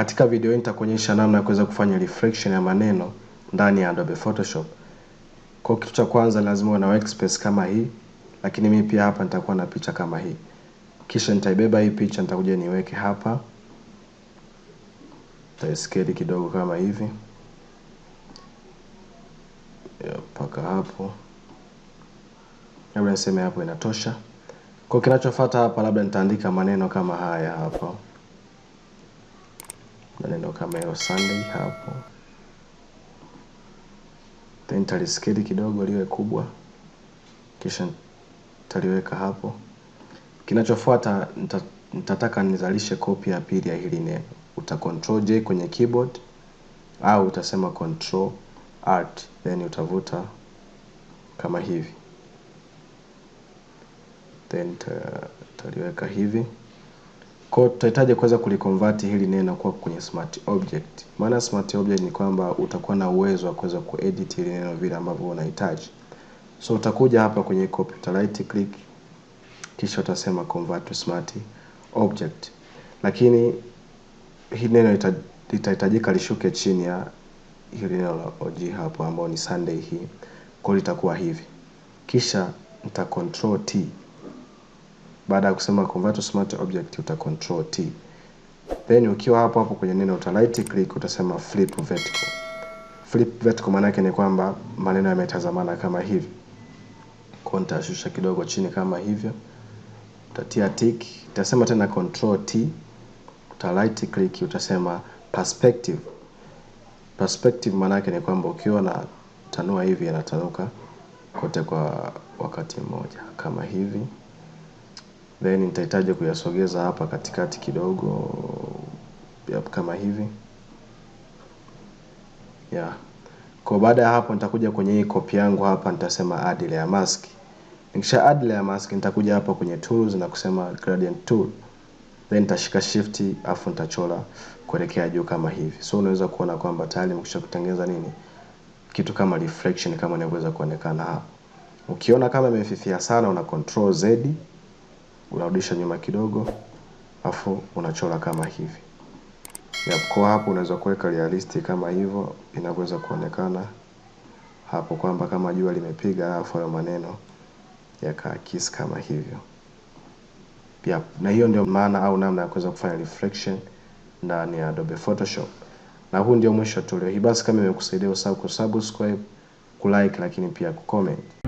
Katika video hii nitakuonyesha namna ya kuweza kufanya reflection ya maneno ndani ya Adobe Photoshop. Kwa kitu cha kwanza lazima uwe na workspace kama hii, lakini mimi pia hapa nitakuwa na picha kama hii. Kisha nitaibeba hii picha nitakuja niweke hapa. Nitaiskeli kidogo kama hivi. Mpaka hapo. Labda niseme hapo inatosha. Kwa kinachofuata hapa labda nitaandika maneno kama haya hapo na neno kama hilo oh, Sunday hapo, then taliskeli kidogo liwe kubwa, kisha taliweka hapo. Kinachofuata nita, nitataka nizalishe kopi ya pili ya hili neno. Uta control J kwenye keyboard au utasema control alt, then utavuta kama hivi, then taliweka hivi. Kwa tutahitaji kuweza kuliconvert hili neno kuwa kwenye smart object. Maana smart object ni kwamba utakuwa na uwezo wa kuweza kuedit hili neno vile ambavyo unahitaji. So utakuja hapa kwenye computer right click kisha utasema convert to smart object. Lakini hili neno litahitajika lishuke chini ya hili neno la OG hapo ambao ni Sunday hii. Kwa litakuwa hivi. Kisha nita control T baada ya kusema convert to smart object uta control T. Then ukiwa hapo hapo kwenye neno uta right click utasema flip vertical. Flip vertical maana yake ni kwamba maneno yametazamana kama hivi. Kwa nitashusha kidogo chini kama hivyo. Utatia tick, utasema tena control T. Uta right click utasema perspective. Perspective maana yake ni kwamba ukiwa na tanua hivi yanatanuka kote kwa wakati mmoja kama hivi then nitahitaji kuyasogeza hapa katikati kidogo kama hivi yeah. Kwa baada ya hapo nitakuja kwenye hii copy yangu hapa nitasema add layer mask. Nikisha add layer mask nitakuja hapa kwenye tools na kusema gradient tool. Then nitashika shift afu nitachora kuelekea juu kama hivi. So unaweza kuona kwamba tayari nimekwisha kutengeneza nini? Kitu kama reflection kama inaweza kuonekana hapa. Ukiona kama imefifia sana una control Z unarudisha nyuma kidogo afu unachora kama hivi yep, kwa hapo unaweza kuweka realisti kama hivyo inavyoweza kuonekana hapo kwamba kama jua limepiga alafu hayo maneno yakaakisi kama hivyo pia na hiyo ndio maana au namna ya kuweza kufanya reflection ndani ya Adobe Photoshop na huu ndio mwisho wa tutorial hii basi kama imekusaidia usahau kusubscribe kulike lakini pia kucomment